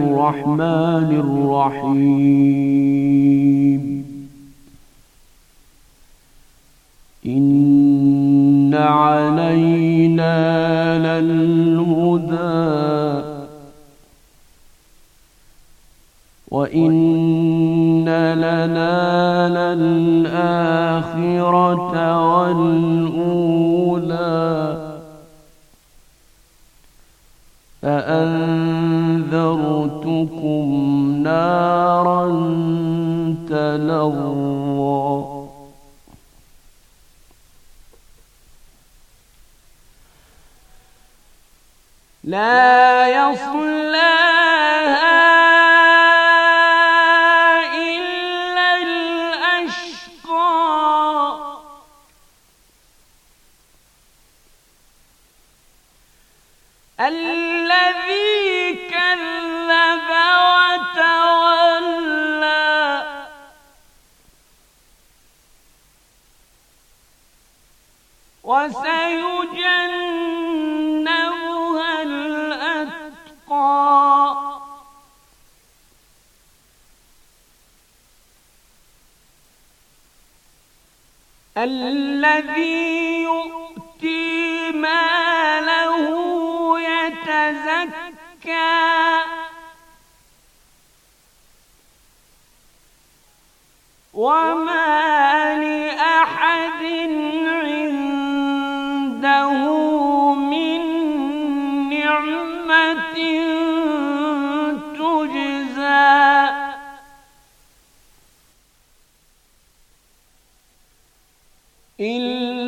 الرحمن الرحيم إن علينا للهدى وإن لنا للآخرة والأولى فأنت أنذرتكم نارا تلظى لا يصلاها ألا الأشقى الذي يؤتي ماله يتزكى وما لأحد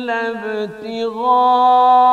إلا ابتغاء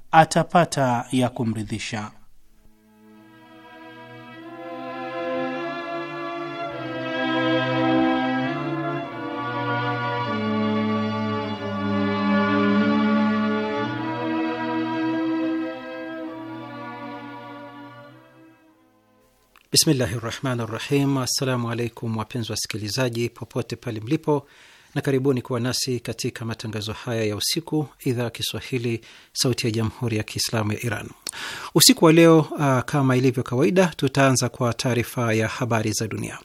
atapata ya kumridhisha. Bismillahi rahmani rahim. Assalamu alaikum wapenzi wasikilizaji, popote pale mlipo na karibuni kuwa nasi katika matangazo haya ya usiku, idhaa ya Kiswahili, sauti ya jamhuri ya kiislamu ya Iran. Usiku wa leo, uh, kama ilivyo kawaida, tutaanza kwa taarifa ya habari za dunia.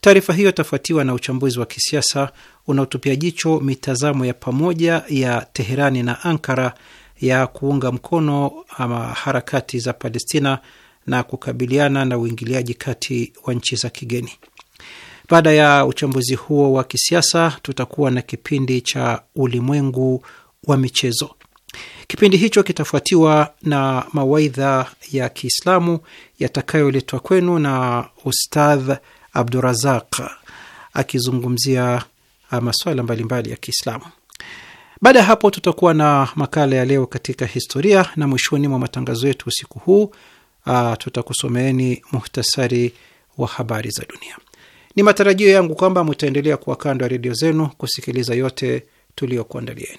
Taarifa hiyo itafuatiwa na uchambuzi wa kisiasa unaotupia jicho mitazamo ya pamoja ya Teherani na Ankara ya kuunga mkono ama harakati za Palestina na kukabiliana na uingiliaji kati wa nchi za kigeni. Baada ya uchambuzi huo wa kisiasa, tutakuwa na kipindi cha ulimwengu wa michezo. Kipindi hicho kitafuatiwa na mawaidha ya Kiislamu yatakayoletwa kwenu na Ustadh Abdurazaq akizungumzia ah, masuala mbalimbali ya Kiislamu. Baada ya hapo, tutakuwa na makala ya leo katika historia, na mwishoni mwa matangazo yetu usiku huu ah, tutakusomeeni muhtasari wa habari za dunia. Ni matarajio yangu kwamba mutaendelea kuwa kando ya redio zenu kusikiliza yote tuliyokuandalieni.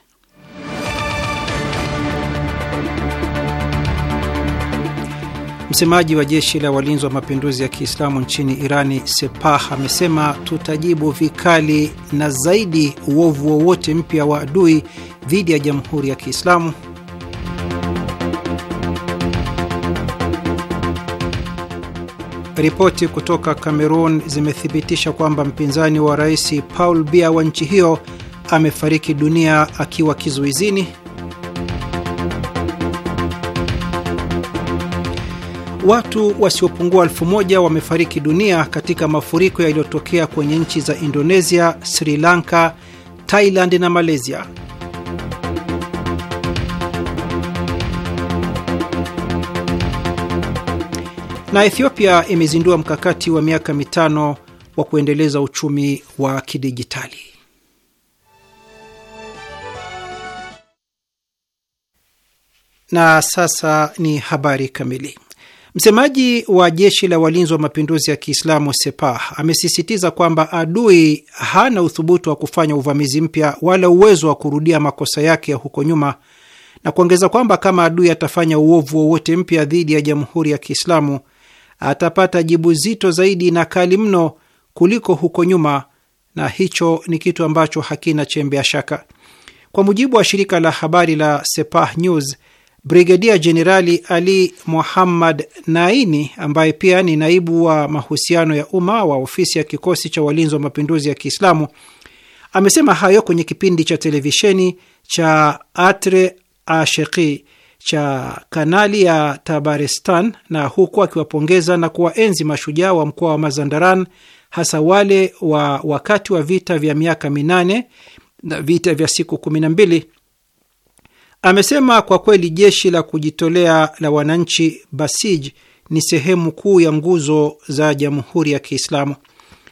Msemaji wa jeshi la walinzi wa mapinduzi ya Kiislamu nchini Irani, Sepah, amesema tutajibu vikali na zaidi uovu wowote mpya wa adui dhidi ya jamhuri ya Kiislamu. Ripoti kutoka cameron zimethibitisha kwamba mpinzani wa rais Paul bia wa nchi hiyo amefariki dunia akiwa kizuizini. Watu wasiopungua elfu moja wamefariki dunia katika mafuriko yaliyotokea kwenye nchi za Indonesia, Sri Lanka, Thailand na Malaysia. Na Ethiopia imezindua mkakati wa miaka mitano wa kuendeleza uchumi wa kidijitali. Na sasa ni habari kamili. Msemaji wa jeshi la walinzi wa mapinduzi ya Kiislamu Sepah amesisitiza kwamba adui hana uthubutu wa kufanya uvamizi mpya wala uwezo wa kurudia makosa yake ya huko nyuma, na kuongeza kwamba kama adui atafanya uovu wowote mpya dhidi ya jamhuri ya Kiislamu atapata jibu zito zaidi na kali mno kuliko huko nyuma, na hicho ni kitu ambacho hakina chembe ya shaka. Kwa mujibu wa shirika la habari la Sepah News, Brigedia Jenerali Ali Muhammad Naini, ambaye pia ni naibu wa mahusiano ya umma wa ofisi ya kikosi cha walinzi wa mapinduzi ya Kiislamu, amesema hayo kwenye kipindi cha televisheni cha Atre Asheki cha kanali ya Tabarestan, na huku akiwapongeza na kuwaenzi mashujaa wa mkoa wa Mazandaran, hasa wale wa wakati wa vita vya miaka minane na vita vya siku kumi na mbili Amesema kwa kweli jeshi la kujitolea la wananchi Basij ni sehemu kuu ya nguzo za jamhuri ya Kiislamu.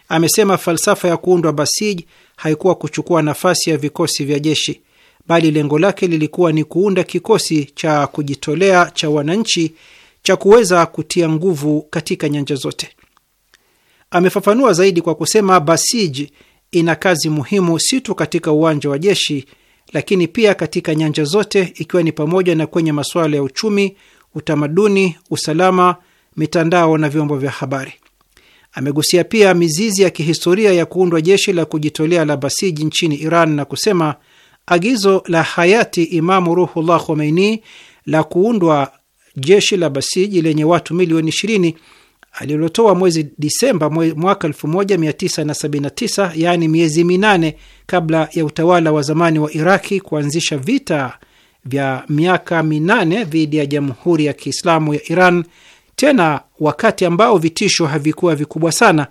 Amesema falsafa ya kuundwa Basij haikuwa kuchukua nafasi ya vikosi vya jeshi, bali lengo lake lilikuwa ni kuunda kikosi cha kujitolea cha wananchi cha kuweza kutia nguvu katika nyanja zote. Amefafanua zaidi kwa kusema Basij ina kazi muhimu si tu katika uwanja wa jeshi lakini pia katika nyanja zote, ikiwa ni pamoja na kwenye masuala ya uchumi, utamaduni, usalama, mitandao na vyombo vya habari. Amegusia pia mizizi ya kihistoria ya kuundwa jeshi la kujitolea la Basiji nchini Iran na kusema agizo la hayati Imamu Ruhullah Khomeini la kuundwa jeshi la Basiji lenye watu milioni 20 alilotoa mwezi Disemba mwaka 1979 yaani miezi minane kabla ya utawala wa zamani wa Iraki kuanzisha vita vya miaka minane dhidi ya Jamhuri ya Kiislamu ya Iran, tena wakati ambao vitisho havikuwa vikubwa sana,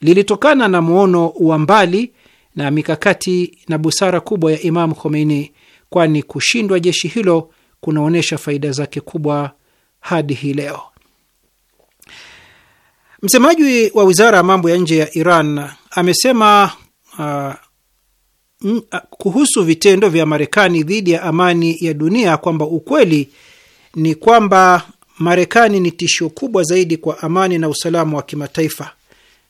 lilitokana na muono wa mbali na mikakati na busara kubwa ya Imamu Khomeini, kwani kushindwa jeshi hilo kunaonyesha faida zake kubwa hadi hii leo. Msemaji wa wizara ya mambo ya nje ya Iran amesema uh, uh, kuhusu vitendo vya Marekani dhidi ya amani ya dunia kwamba ukweli ni kwamba Marekani ni tishio kubwa zaidi kwa amani na usalama wa kimataifa,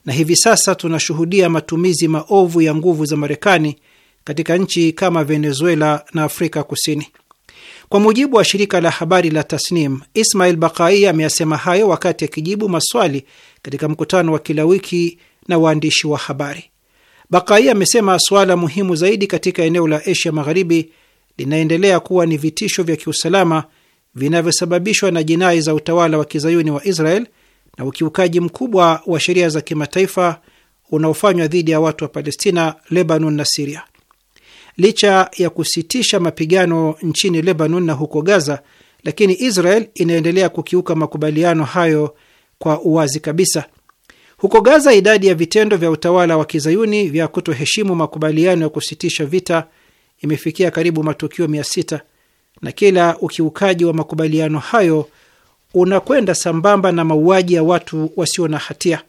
na hivi sasa tunashuhudia matumizi maovu ya nguvu za Marekani katika nchi kama Venezuela na Afrika Kusini. Kwa mujibu wa shirika la habari la Tasnim, Ismail Bakai ameyasema hayo wakati akijibu maswali katika mkutano wa kila wiki na waandishi wa habari. Bakai amesema suala muhimu zaidi katika eneo la Asia Magharibi linaendelea kuwa ni vitisho vya kiusalama vinavyosababishwa na jinai za utawala wa kizayuni wa Israel na ukiukaji mkubwa wa sheria za kimataifa unaofanywa dhidi ya watu wa Palestina, Lebanon na Siria. Licha ya kusitisha mapigano nchini Lebanon na huko Gaza, lakini Israel inaendelea kukiuka makubaliano hayo kwa uwazi kabisa. Huko Gaza, idadi ya vitendo vya utawala wa kizayuni vya kutoheshimu makubaliano ya kusitisha vita imefikia karibu matukio mia sita na kila ukiukaji wa makubaliano hayo unakwenda sambamba na mauaji ya watu wasio na hatia.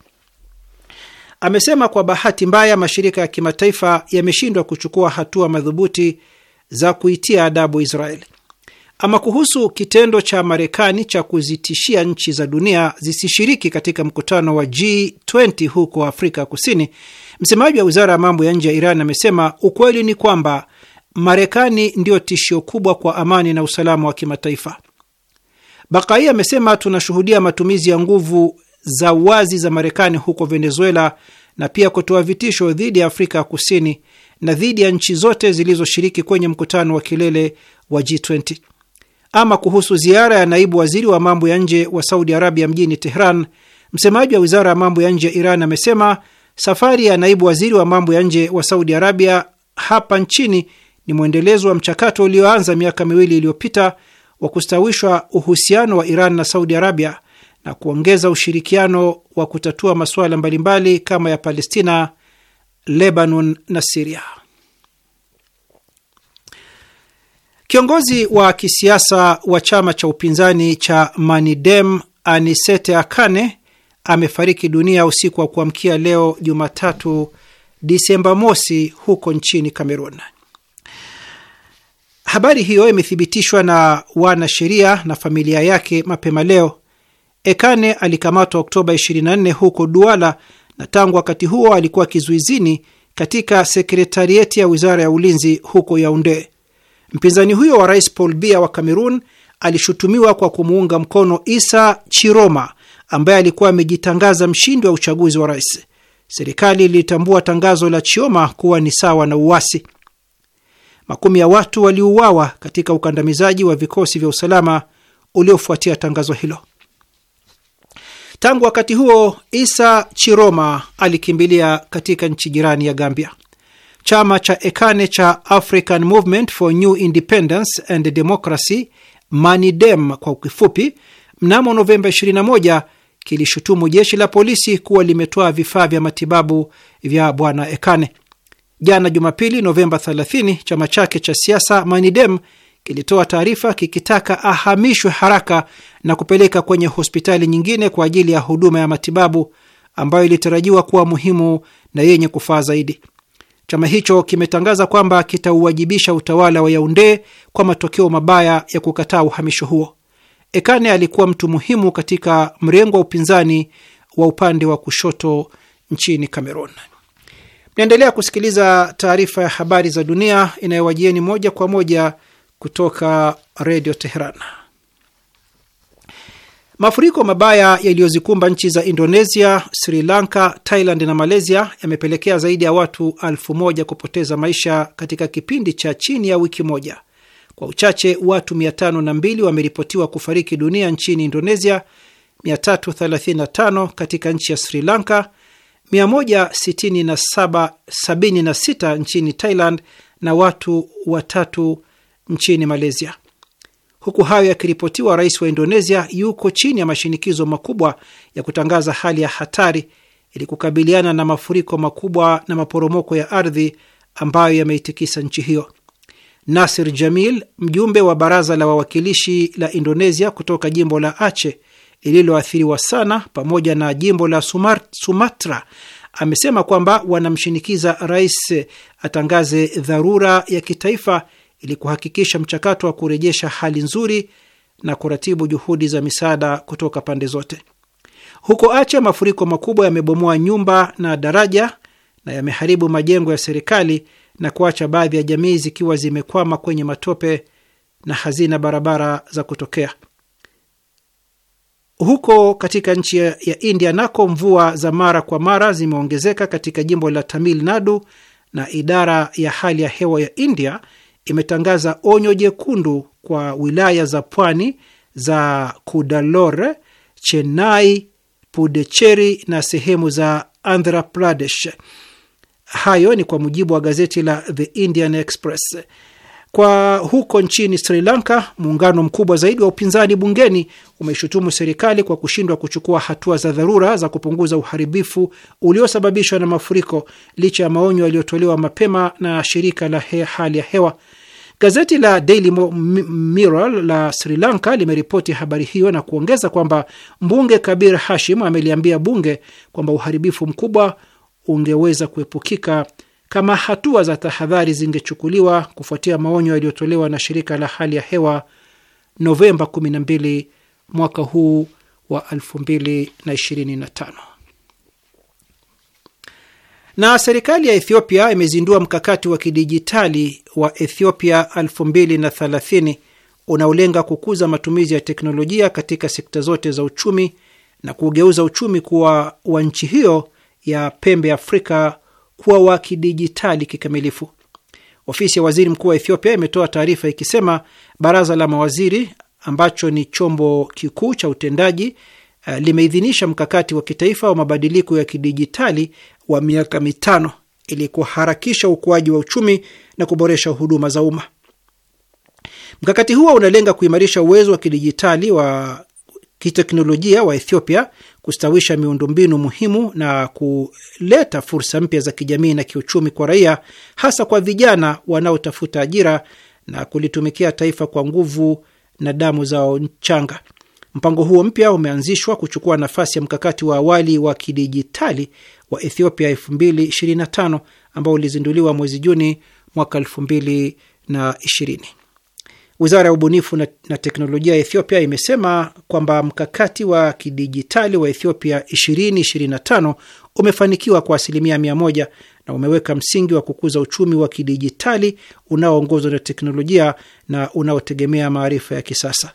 Amesema kwa bahati mbaya, mashirika ya kimataifa yameshindwa kuchukua hatua madhubuti za kuitia adabu Israeli. Ama kuhusu kitendo cha Marekani cha kuzitishia nchi za dunia zisishiriki katika mkutano wa G20 huko Afrika Kusini, msemaji wa wizara ya mambo ya nje ya Iran amesema ukweli ni kwamba Marekani ndiyo tishio kubwa kwa amani na usalama wa kimataifa. Bakai amesema tunashuhudia matumizi ya nguvu za wazi za Marekani huko Venezuela na pia kutoa vitisho dhidi ya Afrika ya Kusini na dhidi ya nchi zote zilizoshiriki kwenye mkutano wa kilele wa G20. Ama kuhusu ziara ya naibu waziri wa mambo ya nje wa Saudi Arabia mjini Tehran, msemaji wa wizara ya mambo ya nje ya Iran amesema safari ya naibu waziri wa mambo ya nje wa Saudi Arabia hapa nchini ni mwendelezo wa mchakato ulioanza miaka miwili iliyopita wa kustawishwa uhusiano wa Iran na Saudi Arabia na kuongeza ushirikiano wa kutatua masuala mbalimbali kama ya Palestina, Lebanon na Siria. Kiongozi wa kisiasa wa chama cha upinzani cha Manidem Anisete Akane amefariki dunia usiku wa kuamkia leo Jumatatu Disemba mosi huko nchini Kamerun. Habari hiyo imethibitishwa na wanasheria na familia yake mapema leo. Ekane alikamatwa Oktoba 24 huko Duala na tangu wakati huo alikuwa kizuizini katika sekretarieti ya wizara ya ulinzi huko Yaunde. Mpinzani huyo wa rais Paul bia wa Kamerun alishutumiwa kwa kumuunga mkono Isa Chiroma ambaye alikuwa amejitangaza mshindi wa uchaguzi wa rais. Serikali ilitambua tangazo la Chioma kuwa ni sawa na uasi. Makumi ya watu waliuawa katika ukandamizaji wa vikosi vya usalama uliofuatia tangazo hilo. Tangu wakati huo, Isa Chiroma alikimbilia katika nchi jirani ya Gambia. Chama cha Ekane cha African Movement for New Independence and Democracy, MANIDEM kwa kifupi, mnamo Novemba 21 kilishutumu jeshi la polisi kuwa limetoa vifaa vya matibabu vya bwana Ekane. Jana Jumapili, Novemba 30, chama chake cha siasa MANIDEM kilitoa taarifa kikitaka ahamishwe haraka na kupeleka kwenye hospitali nyingine kwa ajili ya huduma ya matibabu ambayo ilitarajiwa kuwa muhimu na yenye kufaa zaidi. Chama hicho kimetangaza kwamba kitauwajibisha utawala wa Yaunde kwa matokeo mabaya ya kukataa uhamisho huo. Ekane alikuwa mtu muhimu katika mrengo wa upinzani wa upande wa kushoto nchini Cameroon. Mnaendelea kusikiliza taarifa ya habari za dunia inayowajieni moja kwa moja kutoka Redio Teheran. Mafuriko mabaya yaliyozikumba nchi za Indonesia, Sri Lanka, Thailand na Malaysia yamepelekea zaidi ya watu elfu moja kupoteza maisha katika kipindi cha chini ya wiki moja. Kwa uchache watu 502 wameripotiwa kufariki dunia nchini Indonesia, 335 katika nchi ya Sri Lanka, 176 nchini Thailand na watu watatu nchini Malaysia. Huku hayo yakiripotiwa, rais wa Indonesia yuko chini ya mashinikizo makubwa ya kutangaza hali ya hatari ili kukabiliana na mafuriko makubwa na maporomoko ya ardhi ambayo yameitikisa nchi hiyo. Nasir Jamil, mjumbe wa baraza la wawakilishi la Indonesia kutoka jimbo la Aceh lililoathiriwa sana pamoja na jimbo la Sumatra, amesema kwamba wanamshinikiza rais atangaze dharura ya kitaifa ili kuhakikisha mchakato wa kurejesha hali nzuri na kuratibu juhudi za misaada kutoka pande zote. Huko Acha, mafuriko makubwa yamebomoa nyumba na daraja na yameharibu majengo ya serikali na kuacha baadhi ya jamii zikiwa zimekwama kwenye matope na hazina barabara za kutokea. Huko katika nchi ya India nako mvua za mara kwa mara zimeongezeka katika jimbo la Tamil Nadu, na idara ya hali ya hewa ya India imetangaza onyo jekundu kwa wilaya za pwani za Kudalore, Chennai, pudecheri na sehemu za Andhra Pradesh. Hayo ni kwa mujibu wa gazeti la The Indian Express. Kwa huko nchini Sri Lanka, muungano mkubwa zaidi wa upinzani bungeni umeshutumu serikali kwa kushindwa kuchukua hatua za dharura za kupunguza uharibifu uliosababishwa na mafuriko licha ya maonyo yaliyotolewa mapema na shirika la hali ya hewa. Gazeti la Daily Mirror la Sri Lanka limeripoti habari hiyo na kuongeza kwamba mbunge Kabir Hashim ameliambia bunge kwamba uharibifu mkubwa ungeweza kuepukika kama hatua za tahadhari zingechukuliwa kufuatia maonyo yaliyotolewa na shirika la hali ya hewa Novemba 12 mwaka huu wa 2025. Na serikali ya Ethiopia imezindua mkakati wa kidijitali wa Ethiopia 2030 unaolenga kukuza matumizi ya teknolojia katika sekta zote za uchumi na kugeuza uchumi kuwa wa nchi hiyo ya pembe Afrika kuwa wa kidijitali kikamilifu. Ofisi ya waziri mkuu wa Ethiopia imetoa taarifa ikisema baraza la mawaziri ambacho ni chombo kikuu cha utendaji eh, limeidhinisha mkakati wa kitaifa wa mabadiliko ya kidijitali wa miaka mitano ili kuharakisha ukuaji wa uchumi na kuboresha huduma za umma. Mkakati huo unalenga kuimarisha uwezo wa kidijitali wa kiteknolojia wa Ethiopia, kustawisha miundombinu muhimu na kuleta fursa mpya za kijamii na kiuchumi kwa raia, hasa kwa vijana wanaotafuta ajira na kulitumikia taifa kwa nguvu na damu zao nchanga Mpango huo mpya umeanzishwa kuchukua nafasi ya mkakati wa awali wa kidijitali wa Ethiopia 2025 ambao ulizinduliwa mwezi Juni mwaka 2020. Wizara ya ubunifu na, na teknolojia ya Ethiopia imesema kwamba mkakati wa kidijitali wa Ethiopia 2025 umefanikiwa kwa asilimia mia moja na umeweka msingi wa kukuza uchumi wa kidijitali unaoongozwa na teknolojia na unaotegemea maarifa ya kisasa.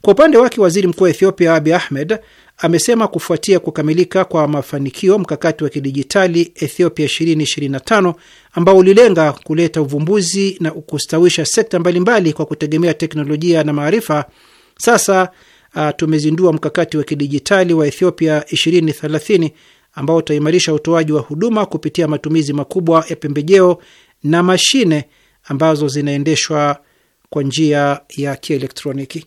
Kwa upande wake, waziri mkuu wa Ethiopia Abiy Ahmed amesema kufuatia kukamilika kwa mafanikio mkakati wa kidijitali Ethiopia 2025 ambao ulilenga kuleta uvumbuzi na kustawisha sekta mbalimbali kwa kutegemea teknolojia na maarifa, sasa uh, tumezindua mkakati wa kidijitali wa Ethiopia 2030 ambao utaimarisha utoaji wa huduma kupitia matumizi makubwa ya pembejeo na mashine ambazo zinaendeshwa kwa njia ya kielektroniki.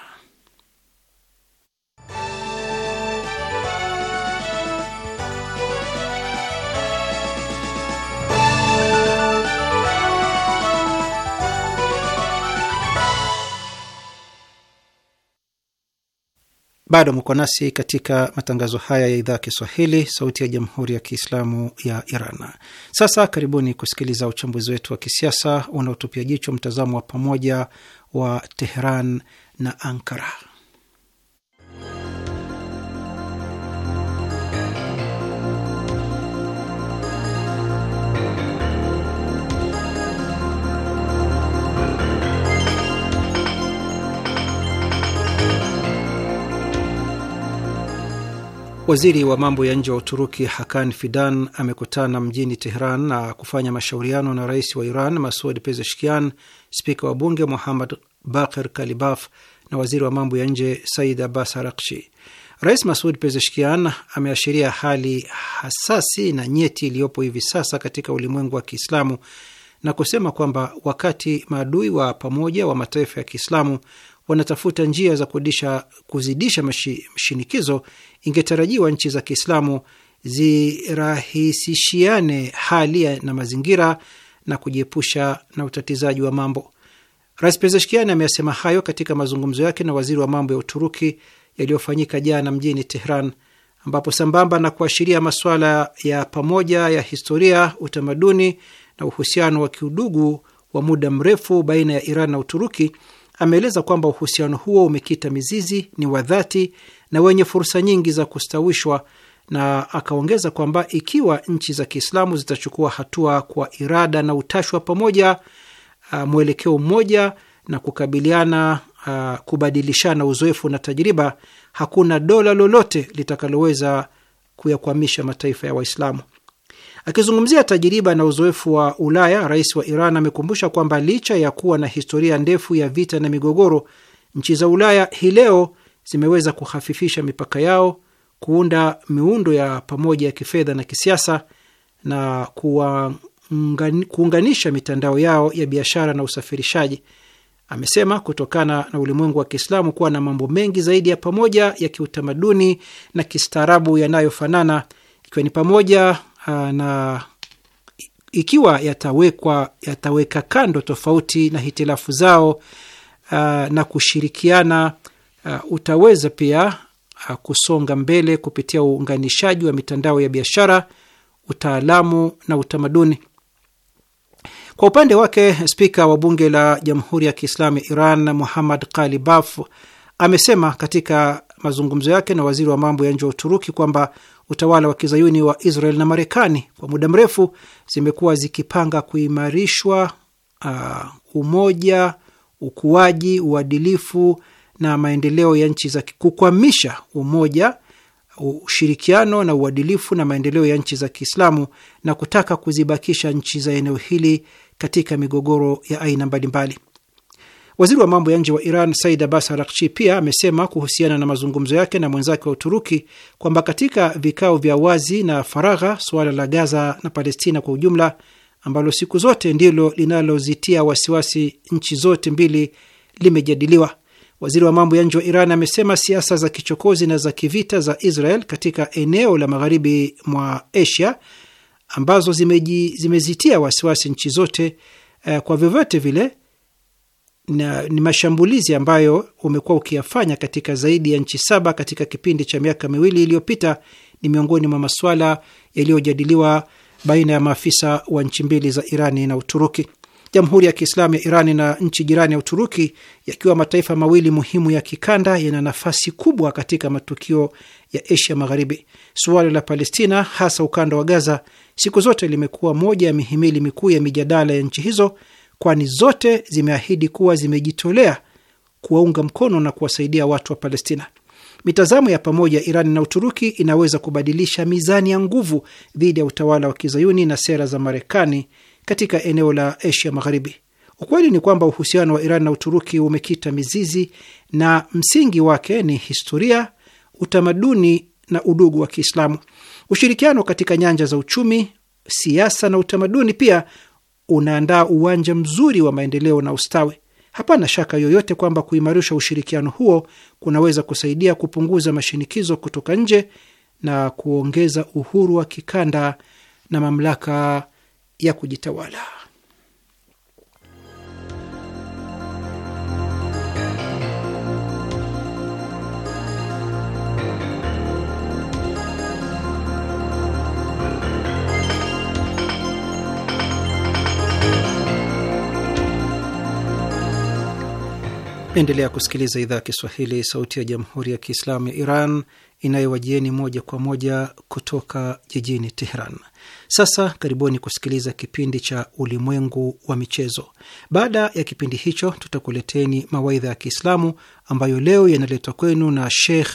Bado mko nasi katika matangazo haya ya idhaa ya Kiswahili, sauti ya jamhuri ya kiislamu ya Iran. Sasa karibuni kusikiliza uchambuzi wetu wa kisiasa unaotupia jicho mtazamo wa pamoja wa Teheran na Ankara. Waziri wa mambo ya nje wa Uturuki Hakan Fidan amekutana mjini Tehran na kufanya mashauriano na rais wa Iran Masud Pezeshkian, spika wa bunge Muhammad Bakir Kalibaf na waziri wa mambo ya nje Said Abbas Arakshi. Rais Masud Pezeshkian ameashiria hali hasasi na nyeti iliyopo hivi sasa katika ulimwengu wa Kiislamu na kusema kwamba wakati maadui wa pamoja wa mataifa ya Kiislamu wanatafuta njia za kudisha, kuzidisha mashinikizo, ingetarajiwa nchi za Kiislamu zirahisishiane hali na mazingira na kujiepusha na utatizaji wa mambo. Rais Pezeshkian ameyasema hayo katika mazungumzo yake na waziri wa mambo ya Uturuki yaliyofanyika jana mjini Tehran, ambapo sambamba na kuashiria masuala ya pamoja ya historia, utamaduni na uhusiano wa kiudugu wa muda mrefu baina ya Iran na Uturuki, ameeleza kwamba uhusiano huo umekita mizizi, ni wa dhati na wenye fursa nyingi za kustawishwa, na akaongeza kwamba ikiwa nchi za Kiislamu zitachukua hatua kwa irada na utashi wa pamoja, uh, mwelekeo mmoja na kukabiliana Uh, kubadilishana uzoefu na tajiriba, hakuna dola lolote litakaloweza kuyakwamisha mataifa ya Waislamu. Akizungumzia tajiriba na uzoefu wa Ulaya, rais wa Iran amekumbusha kwamba licha ya kuwa na historia ndefu ya vita na migogoro, nchi za Ulaya hii leo zimeweza kuhafifisha mipaka yao, kuunda miundo ya pamoja ya kifedha na kisiasa na kuunganisha mitandao yao ya biashara na usafirishaji. Amesema kutokana na ulimwengu wa Kiislamu kuwa na mambo mengi zaidi ya pamoja ya kiutamaduni na kistaarabu yanayofanana ikiwa ni pamoja Ah, na ikiwa yatawekwa yataweka kando tofauti na hitilafu zao ah, na kushirikiana, ah, utaweza pia kusonga mbele kupitia uunganishaji wa mitandao ya biashara, utaalamu na utamaduni. Kwa upande wake, spika wa bunge la Jamhuri ya Kiislamu ya Iran Muhammad Kalibaf amesema katika mazungumzo yake na waziri wa mambo ya nje wa Uturuki kwamba utawala wa kizayuni wa Israel na Marekani kwa muda mrefu zimekuwa zikipanga kuimarishwa uh, umoja, ukuaji, uadilifu na maendeleo ya nchi za kukwamisha umoja, ushirikiano na uadilifu na maendeleo ya nchi za Kiislamu na kutaka kuzibakisha nchi za eneo hili katika migogoro ya aina mbalimbali. Waziri wa mambo ya nje wa Iran Said Abbas Arakchi pia amesema kuhusiana na mazungumzo yake na mwenzake wa Uturuki kwamba katika vikao vya wazi na faragha, suala la Gaza na Palestina kwa ujumla, ambalo siku zote ndilo linalozitia wasiwasi nchi zote mbili, limejadiliwa. Waziri wa mambo ya nje wa Iran amesema siasa za kichokozi na za kivita za Israel katika eneo la magharibi mwa Asia ambazo zimeji, zimezitia wasiwasi nchi zote eh, kwa vyovyote vile na ni mashambulizi ambayo umekuwa ukiyafanya katika zaidi ya nchi saba katika kipindi cha miaka miwili iliyopita, ni miongoni mwa masuala yaliyojadiliwa baina ya maafisa wa nchi mbili za Irani na Uturuki. Jamhuri ya Kiislamu ya Irani na nchi jirani ya Uturuki, yakiwa mataifa mawili muhimu ya kikanda, yana nafasi kubwa katika matukio ya Asia Magharibi. Suala la Palestina, hasa ukanda wa Gaza, siku zote limekuwa moja ya mihimili mikuu ya mijadala ya nchi hizo kwani zote zimeahidi kuwa zimejitolea kuwaunga mkono na kuwasaidia watu wa Palestina. Mitazamo ya pamoja iran na Uturuki inaweza kubadilisha mizani ya nguvu dhidi ya utawala wa kizayuni na sera za Marekani katika eneo la Asia Magharibi. Ukweli ni kwamba uhusiano wa iran na Uturuki umekita mizizi na msingi wake ni historia, utamaduni na udugu wa Kiislamu. Ushirikiano katika nyanja za uchumi, siasa na utamaduni pia unaandaa uwanja mzuri wa maendeleo na ustawi. Hapana shaka yoyote kwamba kuimarisha ushirikiano huo kunaweza kusaidia kupunguza mashinikizo kutoka nje na kuongeza uhuru wa kikanda na mamlaka ya kujitawala. Naendelea kusikiliza idhaa ya Kiswahili, sauti ya jamhuri ya kiislamu ya Iran inayowajieni moja kwa moja kutoka jijini Teheran. Sasa karibuni kusikiliza kipindi cha Ulimwengu wa Michezo. Baada ya kipindi hicho, tutakuleteni mawaidha ya Kiislamu ambayo leo yanaletwa kwenu na Sheikh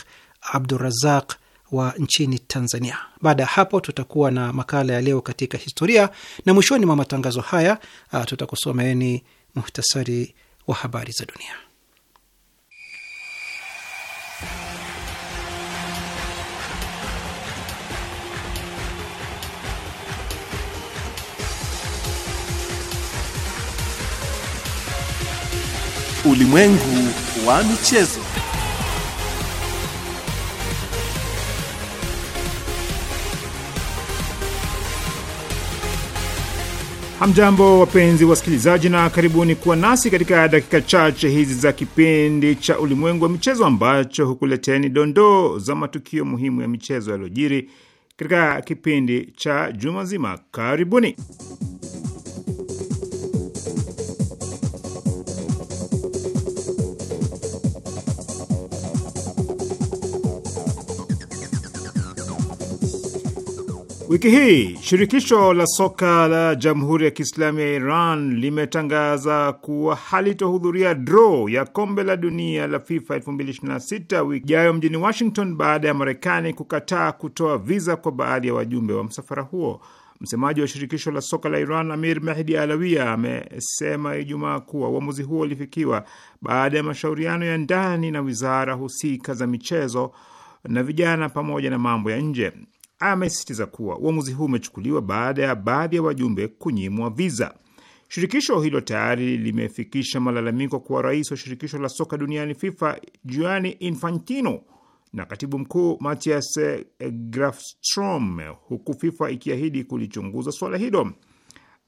Abdurazaq wa nchini Tanzania. Baada ya hapo, tutakuwa na makala ya leo katika historia, na mwishoni mwa matangazo haya ah, tutakusomeeni muhtasari wa habari za dunia. Ulimwengu wa michezo. Hamjambo, wapenzi wasikilizaji, na karibuni kuwa nasi katika dakika chache hizi za kipindi cha Ulimwengu wa Michezo ambacho hukuleteni dondoo za matukio muhimu ya michezo yaliyojiri katika kipindi cha juma zima. Karibuni. Wiki hii shirikisho la soka la Jamhuri ya Kiislamu ya Iran limetangaza kuwa halitohudhuria draw ya kombe la dunia la FIFA 2026 wiki ijayo mjini Washington baada ya Marekani kukataa kutoa viza kwa baadhi ya wajumbe wa msafara huo. Msemaji wa shirikisho la soka la Iran Amir Mehdi Alawia amesema Ijumaa kuwa uamuzi huo ulifikiwa baada ya mashauriano ya ndani na wizara husika za michezo na vijana pamoja na mambo ya nje amesisitiza kuwa uamuzi huu umechukuliwa baada ya baadhi ya wajumbe kunyimwa viza. Shirikisho hilo tayari limefikisha malalamiko kwa rais wa shirikisho la soka duniani FIFA Gianni Infantino na katibu mkuu Matthias Grafstrom, huku FIFA ikiahidi kulichunguza suala hilo.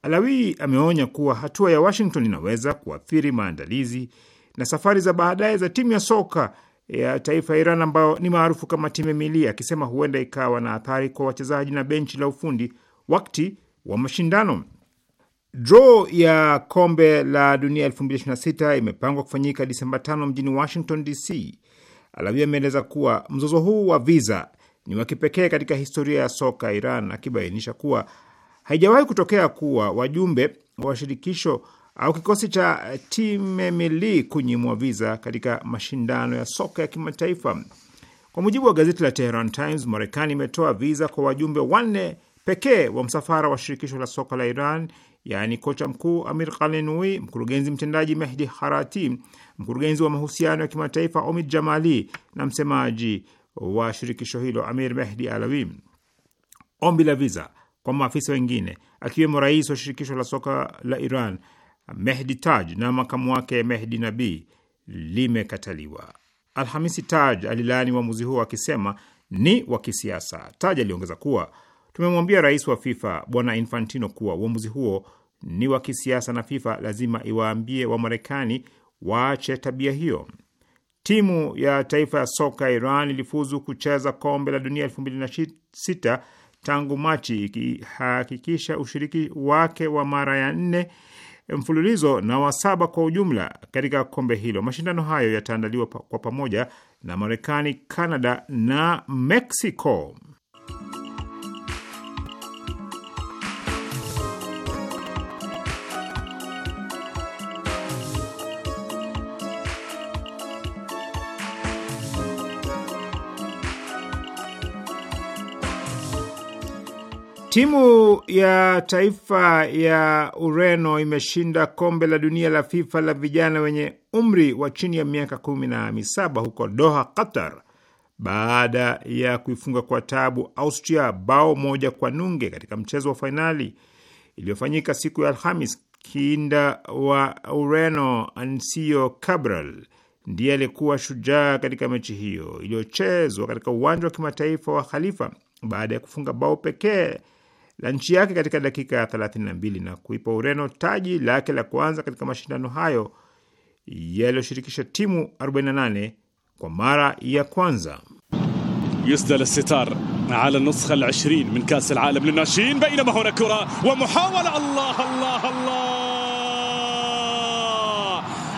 Alawi ameonya kuwa hatua ya Washington inaweza kuathiri maandalizi na safari za baadaye za timu ya soka ya taifa ya Iran ambayo ni maarufu kama timu milia, akisema huenda ikawa na athari kwa wachezaji na benchi la ufundi wakati wa mashindano. Draw ya kombe la dunia 2026 imepangwa kufanyika Disemba 5 mjini Washington DC. Alavia ameeleza kuwa mzozo huu wa visa ni wa kipekee katika historia ya soka Iran, akibainisha kuwa haijawahi kutokea kuwa wajumbe wa shirikisho au kikosi cha Timemili kunyimwa viza katika mashindano ya soka ya kimataifa. Kwa mujibu wa gazeti la Teheran Times, Marekani imetoa viza kwa wajumbe wanne pekee wa msafara wa shirikisho la soka la Iran, yaani kocha mkuu Amir Kalenui, mkurugenzi mtendaji Mehdi Harati, mkurugenzi wa mahusiano ya kimataifa Omid Jamali na msemaji wa shirikisho hilo Amir Mehdi Alawi. Ombi la viza kwa maafisa wengine akiwemo rais wa shirikisho la soka la Iran Mehdi Taj na makamu wake Mehdi Nabii limekataliwa. Alhamisi, Taj alilaani uamuzi huo akisema ni wa kisiasa. Taj aliongeza kuwa tumemwambia rais wa FIFA Bwana Infantino kuwa uamuzi huo ni wa kisiasa na FIFA lazima iwaambie Wamarekani waache tabia hiyo. Timu ya taifa ya soka ya Iran ilifuzu kucheza kombe la dunia 2006 tangu Machi, ikihakikisha ushiriki wake wa mara ya nne mfululizo na wa saba kwa ujumla katika kombe hilo. Mashindano hayo yataandaliwa kwa pamoja na Marekani, Kanada na Mexico. Timu ya taifa ya Ureno imeshinda kombe la dunia la FIFA la vijana wenye umri wa chini ya miaka kumi na misaba huko Doha, Qatar, baada ya kuifunga kwa tabu Austria bao moja kwa nunge katika mchezo wa fainali iliyofanyika siku ya Alhamis. Kinda wa Ureno ansio Cabral ndiye alikuwa shujaa katika mechi hiyo iliyochezwa katika uwanja wa kimataifa wa Khalifa baada ya kufunga bao pekee la nchi yake katika dakika ya 32 na kuipa Ureno taji lake la kwanza katika mashindano hayo yaliyoshirikisha timu 48 kwa mara ya kwanza. Yusdal sitar ala nuskha al 20 min kas al alam linashin bainama huna kura wa muhawala Allah Allah Allah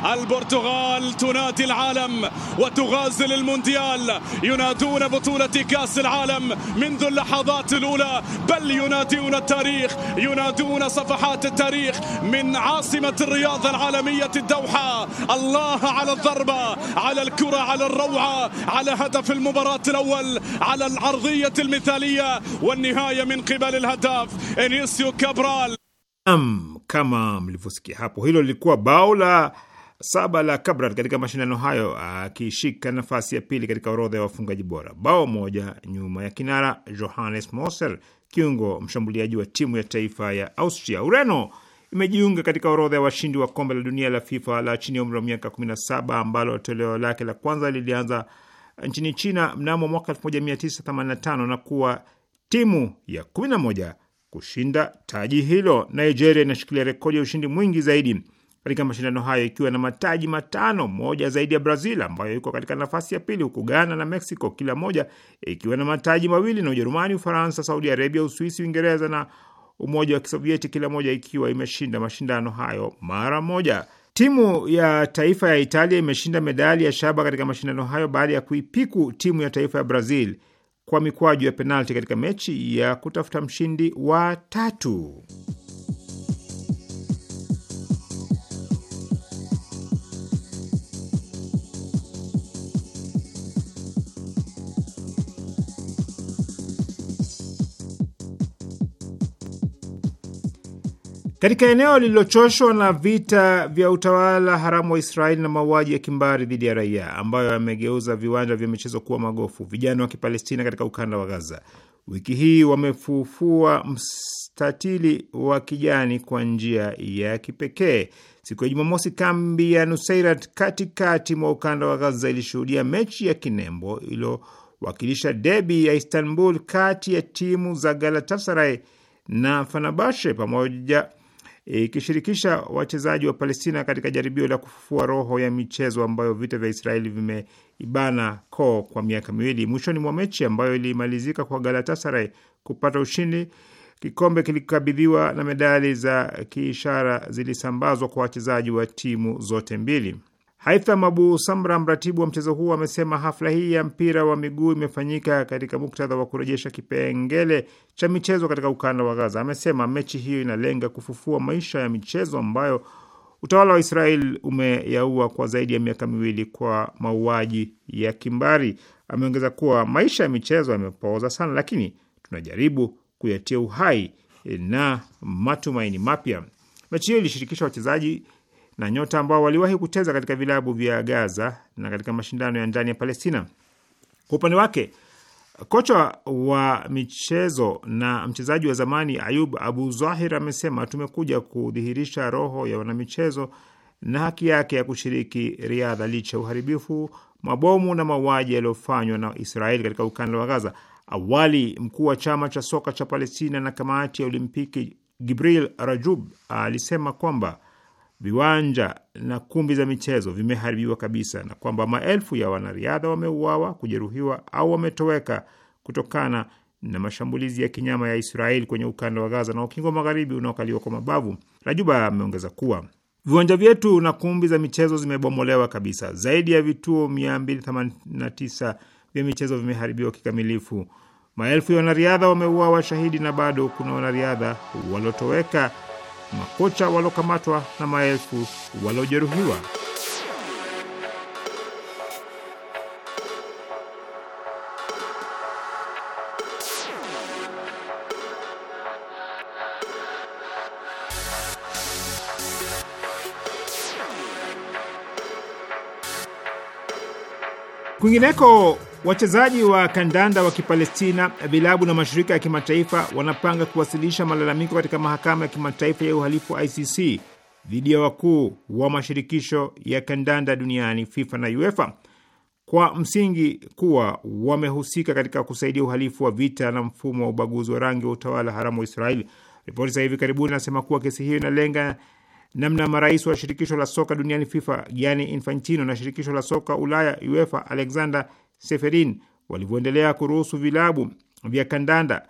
البرتغال تنادي العالم وتغازل المونديال ينادون بطولة كأس العالم منذ اللحظات الأولى بل ينادون التاريخ ينادون صفحات التاريخ من عاصمة الرياضة العالمية الدوحة الله على الضربة على الكرة على الروعة على هدف المباراة الأول على العرضية المثالية والنهاية من قبل الهداف إنيسيو كابرال أم كما مlivyosikia هابو هيلو اللي كوا باولا saba la Kabrat katika mashindano hayo akishika nafasi ya pili katika orodha ya wafungaji bora, bao moja nyuma ya kinara Johannes Moser, kiungo mshambuliaji wa timu ya taifa ya Austria. Ureno imejiunga katika orodha ya washindi wa kombe la dunia la FIFA la chini ya umri wa miaka 17 ambalo toleo lake la kwanza lilianza nchini China mnamo mwaka 1985 na kuwa timu ya 11 kushinda taji hilo. Nigeria inashikilia rekodi ya ushindi mwingi zaidi katika mashindano hayo ikiwa na mataji matano, moja zaidi ya Brazil ambayo iko katika nafasi ya pili, huku Ghana na Mexico kila moja ikiwa na mataji mawili, na Ujerumani, Ufaransa, Saudi Arabia, Uswisi, Uingereza na Umoja wa Kisovieti kila moja ikiwa imeshinda mashindano hayo mara moja. Timu ya taifa ya Italia imeshinda medali ya shaba katika mashindano hayo baada ya kuipiku timu ya taifa ya Brazil kwa mikwaju ya penalti katika mechi ya kutafuta mshindi wa tatu. katika eneo lililochoshwa na vita vya utawala haramu wa Israeli na mauaji ya kimbari dhidi ya raia ambayo yamegeuza viwanja vya michezo kuwa magofu. Vijana wa Kipalestina katika ukanda wa Gaza wiki hii wamefufua mstatili wa kijani kwa njia ya kipekee. Siku ya Jumamosi, kambi ya Nusairat katikati mwa ukanda wa Gaza ilishuhudia mechi ya kinembo iliyowakilisha debi ya Istanbul kati ya timu za Galatasaray na Fanabashe pamoja ikishirikisha wachezaji wa Palestina katika jaribio la kufufua roho ya michezo ambayo vita vya Israeli vimeibana ko kwa miaka miwili. Mwishoni mwa mechi ambayo ilimalizika kwa Galatasaray kupata ushindi, kikombe kilikabidhiwa na medali za kiishara zilisambazwa kwa wachezaji wa timu zote mbili. Haitham Abu Samra, mratibu wa mchezo huo, amesema hafla hii ya mpira wa miguu imefanyika katika muktadha wa kurejesha kipengele cha michezo katika ukanda wa Gaza. Amesema mechi hiyo inalenga kufufua maisha ya michezo ambayo utawala wa Israel umeyaua kwa zaidi ya miaka miwili kwa mauaji ya kimbari. Ameongeza kuwa maisha ya michezo yamepooza sana, lakini tunajaribu kuyatia uhai na matumaini mapya. Mechi hiyo ilishirikisha wachezaji na nyota ambao waliwahi kucheza katika vilabu vya Gaza na katika mashindano ya ndani ya Palestina. Kwa upande wake, kocha wa michezo na mchezaji wa zamani Ayub Abu Zahir amesema, tumekuja kudhihirisha roho ya wanamichezo na haki yake ya kushiriki riadha licha ya uharibifu, mabomu na mauaji yaliyofanywa na Israeli katika ukanda wa Gaza. Awali mkuu wa chama cha soka cha Palestina na kamati ya Olimpiki Gibril Rajub alisema kwamba viwanja na kumbi za michezo vimeharibiwa kabisa na kwamba maelfu ya wanariadha wameuawa, kujeruhiwa au wametoweka kutokana na mashambulizi ya kinyama ya Israeli kwenye ukanda wa Gaza na ukingo magharibi unaokaliwa kwa mabavu. Rajuba ameongeza kuwa viwanja vyetu na kumbi za michezo zimebomolewa kabisa. Zaidi ya vituo 289 vya michezo vimeharibiwa kikamilifu. Maelfu ya wanariadha wameuawa shahidi na bado kuna wanariadha waliotoweka makocha waliokamatwa na maelfu waliojeruhiwa. Kwingineko, Wachezaji wa kandanda wa Kipalestina, vilabu na mashirika ya kimataifa wanapanga kuwasilisha malalamiko katika mahakama ya kimataifa ya uhalifu wa ICC dhidi ya wakuu wa mashirikisho ya kandanda duniani FIFA na UEFA kwa msingi kuwa wamehusika katika kusaidia uhalifu wa vita na mfumo wa ubaguzi wa rangi wa utawala haramu wa Israeli. Ripoti za hivi karibuni inasema kuwa kesi hiyo inalenga namna marais wa shirikisho la soka duniani FIFA yani Infantino na shirikisho la soka Ulaya UEFA Alexander Seferin walivyoendelea kuruhusu vilabu vya kandanda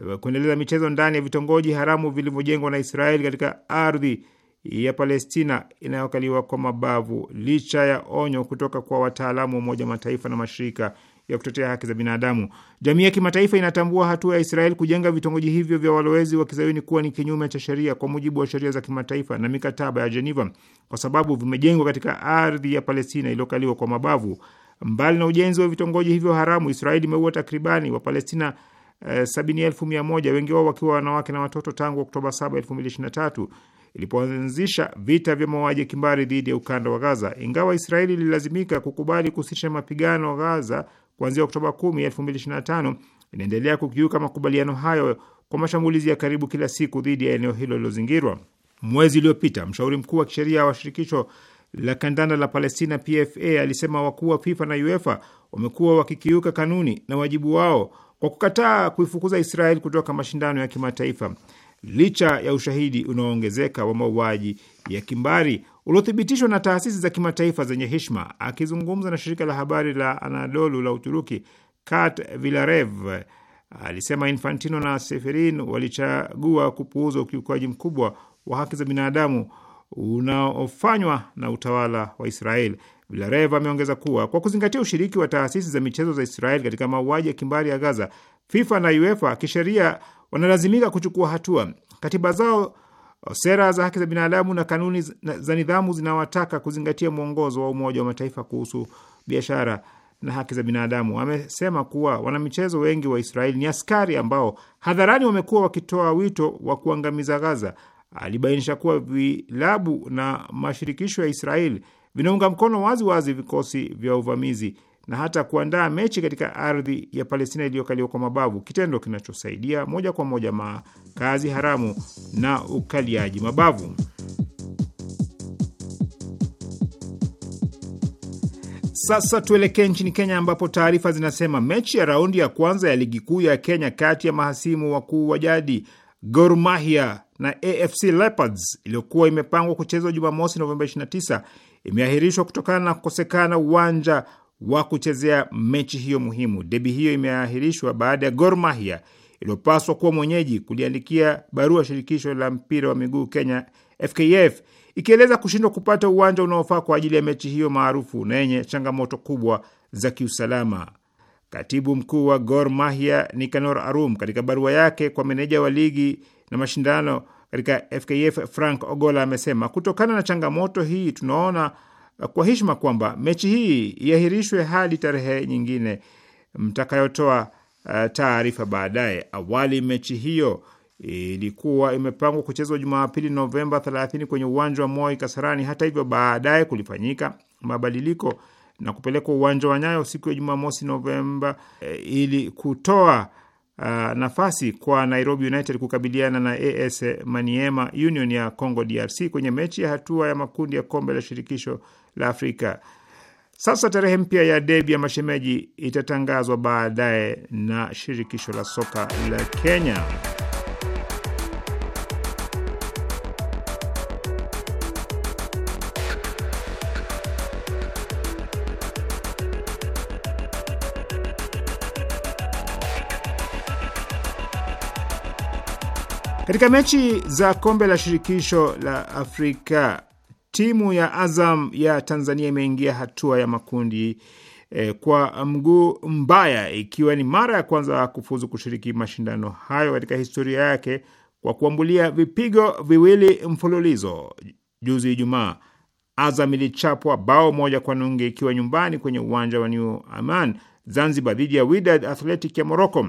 eh, kuendeleza michezo ndani ya vitongoji haramu vilivyojengwa na Israeli katika ardhi ya Palestina inayokaliwa kwa mabavu licha ya onyo kutoka kwa wataalamu wa Umoja Mataifa na mashirika ya kutetea haki za binadamu. Jamii ya kimataifa inatambua hatua ya Israeli kujenga vitongoji hivyo vya walowezi wa kizayuni kuwa ni kinyume cha sheria kwa mujibu wa sheria za kimataifa na mikataba ya Geneva, kwa sababu vimejengwa katika ardhi ya Palestina iliyokaliwa kwa mabavu. Mbali na ujenzi wa vitongoji hivyo haramu, Israeli imeua takribani Wapalestina palestina eh, sabini elfu mia moja, wengi wao wakiwa wanawake na watoto tangu Oktoba 7, 2023 ilipoanzisha vita vya mauaji ya kimbari dhidi ya ukanda wa Gaza. Ingawa Israeli ililazimika kukubali kusitisha mapigano Gaza kuanzia Oktoba 10, 2025, inaendelea kukiuka makubaliano hayo kwa mashambulizi ya karibu kila siku dhidi ya eneo hilo lilozingirwa. Mwezi uliopita mshauri mkuu wa kisheria wa shirikisho la kandanda la Palestina PFA alisema wakuu wa FIFA na UEFA wamekuwa wakikiuka kanuni na wajibu wao kwa kukataa kuifukuza Israel kutoka mashindano ya kimataifa licha ya ushahidi unaoongezeka wa mauaji ya kimbari uliothibitishwa na taasisi za kimataifa zenye heshima. Akizungumza na shirika la habari la Anadolu la Uturuki, Kat Vilarev alisema Infantino na Seferin walichagua kupuuza ukiukaji mkubwa wa haki za binadamu unaofanywa na utawala wa Israel. Villarev ameongeza kuwa kwa kuzingatia ushiriki wa taasisi za michezo za Israel katika mauaji ya kimbari ya Gaza, FIFA na UEFA kisheria wanalazimika kuchukua hatua. Katiba zao, sera za haki za binadamu na kanuni za nidhamu zinawataka kuzingatia mwongozo wa Umoja wa Mataifa kuhusu biashara na haki za binadamu. Amesema kuwa wanamichezo wengi wa Israeli ni askari ambao hadharani wamekuwa wakitoa wito wa kuangamiza Gaza alibainisha kuwa vilabu na mashirikisho ya Israel vinaunga mkono wazi wazi vikosi vya uvamizi na hata kuandaa mechi katika ardhi ya Palestina iliyokaliwa kwa mabavu, kitendo kinachosaidia moja kwa moja makazi haramu na ukaliaji mabavu. Sasa tuelekee nchini Kenya ambapo taarifa zinasema mechi ya raundi ya kwanza ya ligi kuu ya Kenya kati ya mahasimu wakuu wa jadi Gor Mahia na AFC Leopards iliyokuwa imepangwa kuchezwa Jumamosi Novemba 29 imeahirishwa kutokana na kukosekana uwanja wa kuchezea mechi hiyo muhimu. Debi hiyo imeahirishwa baada ya Gor Mahia iliyopaswa kuwa mwenyeji kuliandikia barua shirikisho la mpira wa miguu Kenya FKF ikieleza kushindwa kupata uwanja unaofaa kwa ajili ya mechi hiyo maarufu na yenye changamoto kubwa za kiusalama. Katibu mkuu wa Gor Mahia Nicanor Arum, katika barua yake kwa meneja wa ligi na mashindano katika FKF Frank Ogola amesema kutokana na changamoto hii tunaona uh, kwa heshima kwamba mechi hii iahirishwe hadi tarehe nyingine mtakayotoa uh, taarifa baadaye. Awali mechi hiyo ilikuwa imepangwa kuchezwa Jumapili Novemba 30 kwenye uwanja wa Moi Kasarani. Hata hivyo, baadaye kulifanyika mabadiliko na kupelekwa uwanja wa Nyayo siku ya Jumamosi Novemba eh, ili kutoa uh, nafasi kwa Nairobi United kukabiliana na AS Maniema Union ya Congo DRC kwenye mechi ya hatua ya makundi ya kombe la shirikisho la Afrika. Sasa tarehe mpya ya debi ya mashemeji itatangazwa baadaye na shirikisho la soka la Kenya. Katika mechi za kombe la shirikisho la Afrika, timu ya Azam ya Tanzania imeingia hatua ya makundi e, kwa mguu mbaya, ikiwa ni mara ya kwanza kufuzu kushiriki mashindano hayo katika historia yake kwa kuambulia vipigo viwili mfululizo. Juzi Ijumaa, Azam ilichapwa bao moja kwa nunge ikiwa nyumbani kwenye uwanja wa New Aman Zanzibar dhidi ya Wydad Athletic ya Morocco.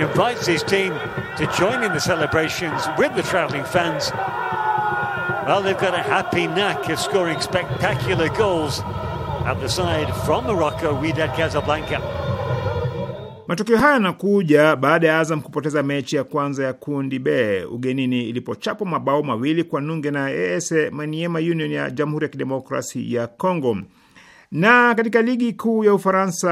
invites his team to join in the celebrations with the travelling fans. Well, they've got a happy knack of scoring spectacular goals at the side from Morocco, Wydad Casablanca. Matokeo haya yanakuja baada ya Azam kupoteza mechi ya kwanza ya kundi B ugenini ilipochapwa mabao mawili kwa nunge na AS e Maniema Union ya Jamhuri ya Kidemokrasi ya Kongo. Na katika ligi kuu ya Ufaransa,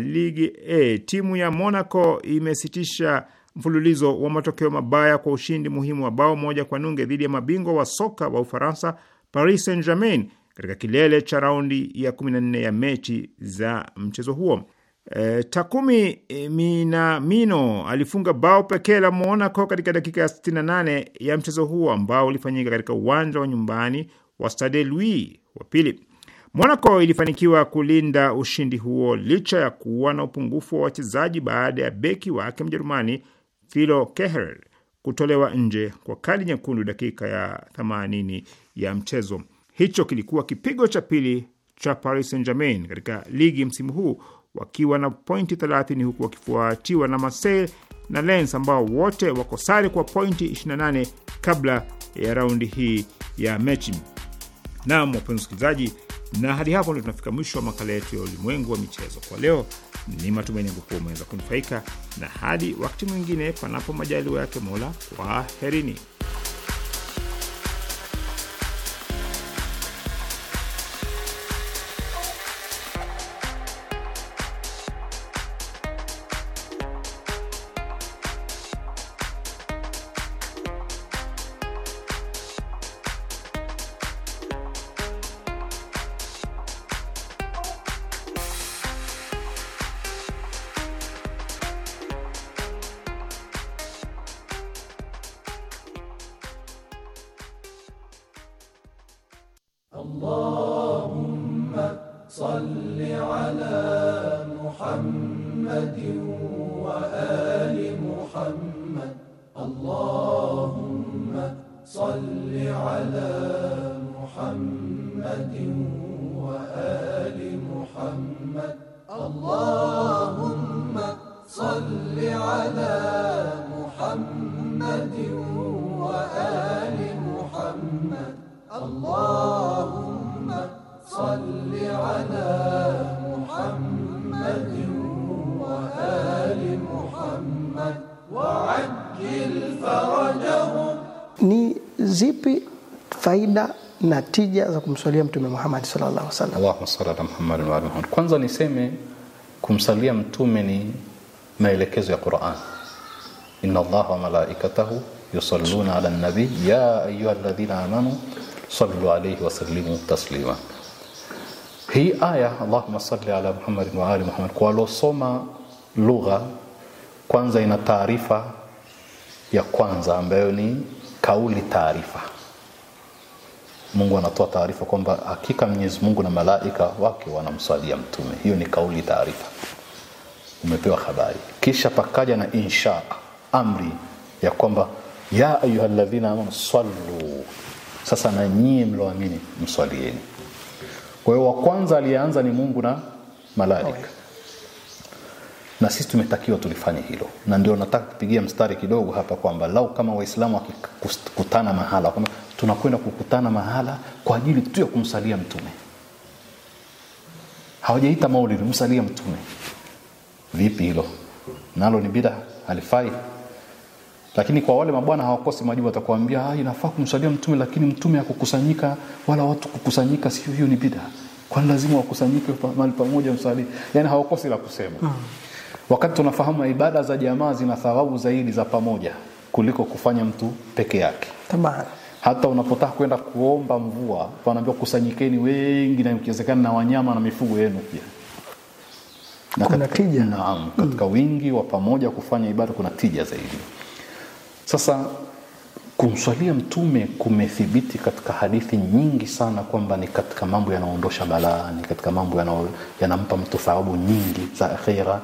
uh, ligi A, timu ya Monaco imesitisha mfululizo wa matokeo mabaya kwa ushindi muhimu wa bao moja kwa nunge dhidi ya mabingwa wa soka wa Ufaransa Paris Saint-Germain katika kilele cha raundi ya 14 ya mechi za mchezo huo. E, Takumi eh, Minamino alifunga bao pekee la Monaco katika dakika ya 68 ya mchezo huo ambao ulifanyika katika uwanja wa nyumbani wa Stade Louis wa pili. Monaco ilifanikiwa kulinda ushindi huo licha ya kuwa na upungufu wa wachezaji baada ya beki wake Mjerumani Philo Kehrer kutolewa nje kwa kadi nyekundu dakika ya 80 ya mchezo. Hicho kilikuwa kipigo cha pili cha Paris Saint-Germain katika ligi msimu huu wakiwa na pointi 30 huku wakifuatiwa na Marseille na Lens ambao wote wako sare kwa pointi 28 kabla ya raundi hii ya mechi. Naam, wapenzi wasikilizaji na hadi hapo ndio tunafika mwisho wa makala yetu ya ulimwengu wa michezo kwa leo. Ni matumaini yangu kuwa umeweza kunufaika, na hadi wakati mwingine, panapo majaliwa yake Mola, kwaherini. tija za kumswalia Mtume Muhammad sallallahu alaihi wasallam. Allahumma salli ala Muhammad wa ali Muhammad. Kwanza niseme kumsalia mtume ni maelekezo ya Qur'an. Inna Allaha wa malaikatahu yusalluna ala nabi ya ayyuhalladhina amanu sallu alayhi wa sallimu taslima. Hii aya Allahumma salli ala Muhammad wa ali Muhammad kwa losoma lugha kwanza ina taarifa ya kwanza ambayo ni kauli taarifa Mungu anatoa taarifa kwamba hakika Mwenyezi Mungu na malaika wake wanamswalia mtume. Hiyo ni kauli, taarifa, umepewa habari. Kisha pakaja na insha, amri ya kwamba ya ayyuhalladhina amanu sallu, sasa na nyie mloamini mswalieni. Kwa hiyo wa kwanza aliyeanza ni Mungu na malaika, na sisi tumetakiwa tulifanye hilo, na ndio nataka kupigia mstari kidogo hapa kwamba lau kama Waislamu wakikutana mahala kwamba tunakwenda kukutana mahala kwa ajili tu ya kumsalia mtume hawajaita maulidi msalia mtume vipi hilo nalo ni bida halifai lakini kwa wale mabwana hawakosi majibu watakuambia ah inafaa kumsalia mtume lakini mtume akukusanyika wala watu kukusanyika sio hiyo ni bida kwani lazima wakusanyike mahali pamoja msali? yani hawakosi la kusema hmm. wakati tunafahamu ibada za jamaa zina thawabu zaidi za pamoja kuliko kufanya mtu peke yake tabara hata unapotaka kwenda kuomba mvua wanaambiwa kusanyikeni wengi na ikiwezekana na wanyama na mifugo yenu pia na kuna katika, tija naam mm. katika mm. wingi wa pamoja kufanya ibada kuna tija zaidi sasa kumswalia mtume kumethibiti katika hadithi nyingi sana kwamba ni katika mambo yanaondosha balaa ni katika mambo yanampa mtu thawabu nyingi za akhira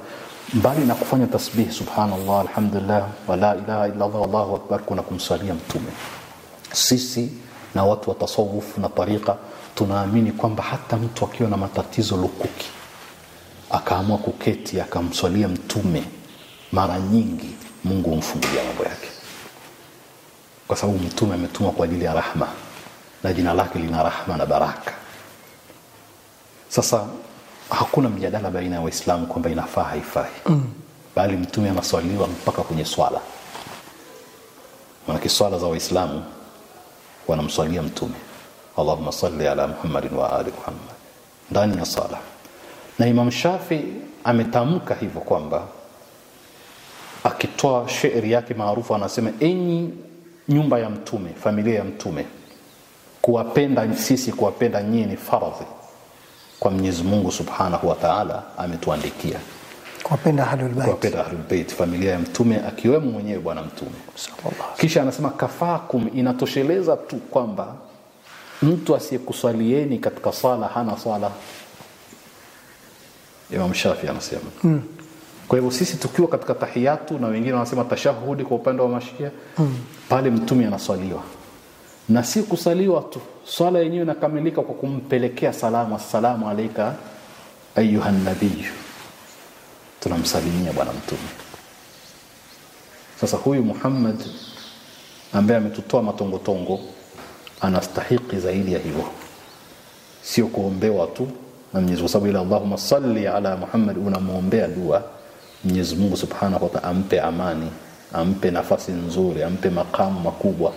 mbali na kufanya tasbihi subhanallah alhamdulillah wala ilaha illallah wallahu akbar kuna kumswalia mtume sisi na watu wa tasawuf na tarika tunaamini kwamba hata mtu akiwa na matatizo lukuki akaamua kuketi akamswalia mtume mara nyingi mungu humfungulia mambo yake kwa sababu mtume ametumwa kwa ajili ya rahma na jina lake lina rahma na baraka sasa hakuna mjadala baina ya waislamu kwamba inafaa haifai mm. bali mtume anaswaliwa mpaka kwenye swala manake swala za waislamu wanamswalia mtume Allahumma salli ala Muhammadin wa ali Muhammad ndani ya sala na Imam Shafi ametamka hivyo kwamba akitoa shairi yake maarufu anasema enyi nyumba ya mtume familia ya mtume kuwapenda sisi kuwapenda nyinyi ni faradhi kwa Mwenyezi Mungu Subhanahu wa Ta'ala ametuandikia kuwapenda ahlul familia ya Mtume akiwemo mwenyewe Bwana Mtume. Kisha anasema kafakum, inatosheleza tu kwamba mtu asiyekuswalieni katika sala hana sala. Imam Shafi anasema mm. Kwa hivyo sisi tukiwa katika tahiyatu na wengine wanasema tashahudi kwa upande wa mashia mm. pale mtume anaswaliwa na si kusaliwa tu, swala yenyewe inakamilika kwa kumpelekea salamu, assalamu alaika ayuha nabiyu tunamsalimia bwana mtume sasa huyu Muhammad ambaye ametutoa matongotongo anastahiki zaidi ya hivyo sio kuombewa tu na Mwenyezi Mungu sababu Allahumma salli ala Muhammad unamuombea dua Mwenyezi Mungu Subhanahu wa Ta'ala ampe amani ampe nafasi nzuri ampe makamu makubwa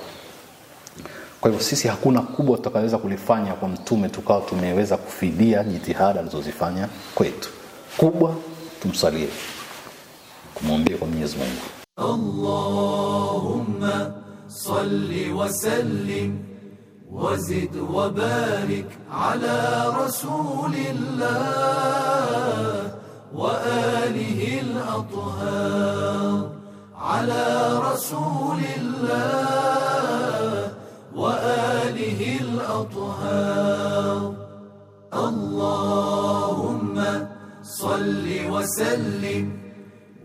kwa hivyo sisi hakuna kubwa tutakaweza kulifanya kwa mtume tukawa tumeweza kufidia jitihada alizozifanya kwetu kubwa تمصليه kumwombea kwa Mwenyezi Mungu. Allahumma salli وزد وبارك على رسول الله وآله الأطهار على رسول الله وآله الأطهار اللهم صل وسلم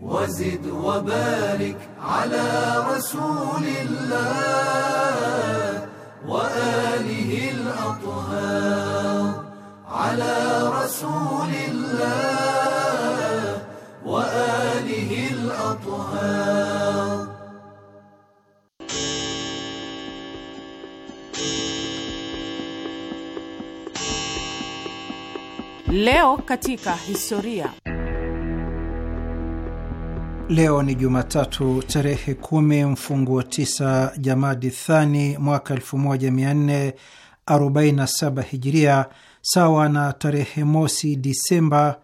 وزد وبارك على رسول الله وآله الأطهار على رسول الله وآله الأطهار Leo katika historia. Leo ni Jumatatu tarehe kumi mfunguo tisa Jamadi Thani mwaka 1447 Hijiria, sawa na tarehe mosi Disemba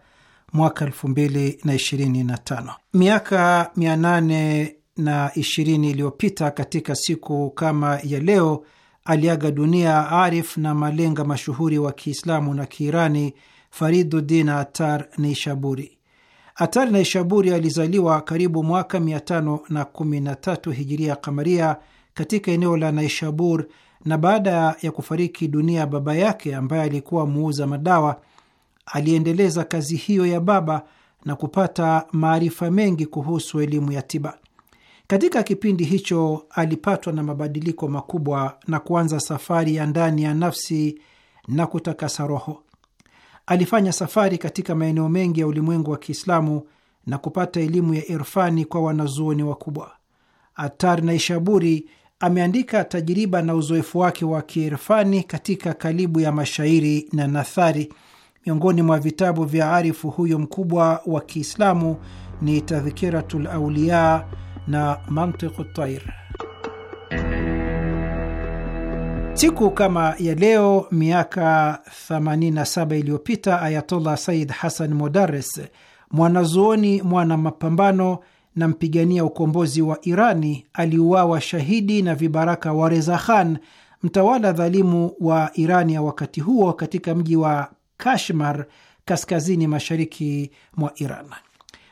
mwaka 2025. Miaka 820 iliyopita katika siku kama ya leo aliaga dunia arif na malenga mashuhuri wa Kiislamu na Kiirani Fariduddin Atar Neishaburi. Atar Neishaburi alizaliwa karibu mwaka 513 hijiria kamaria katika eneo la Naishabur, na baada ya kufariki dunia baba yake ambaye alikuwa muuza madawa, aliendeleza kazi hiyo ya baba na kupata maarifa mengi kuhusu elimu ya tiba. Katika kipindi hicho alipatwa na mabadiliko makubwa na kuanza safari ya ndani ya nafsi na kutakasa roho. Alifanya safari katika maeneo mengi ya ulimwengu wa Kiislamu na kupata elimu ya irfani kwa wanazuoni wakubwa. Attar Naishaburi ameandika tajiriba na uzoefu wake wa kiirfani katika kalibu ya mashairi na nathari. Miongoni mwa vitabu vya arifu huyo mkubwa wa Kiislamu ni Tadhkiratul Auliya na Mantiqu Tair. Siku kama ya leo miaka 87 iliyopita Ayatollah Said Hassan Modares, mwanazuoni, mwana mapambano na mpigania ukombozi wa Irani, aliuawa shahidi na vibaraka wa Reza Khan, mtawala dhalimu wa Irani ya wakati huo, katika mji wa Kashmar, kaskazini mashariki mwa Iran.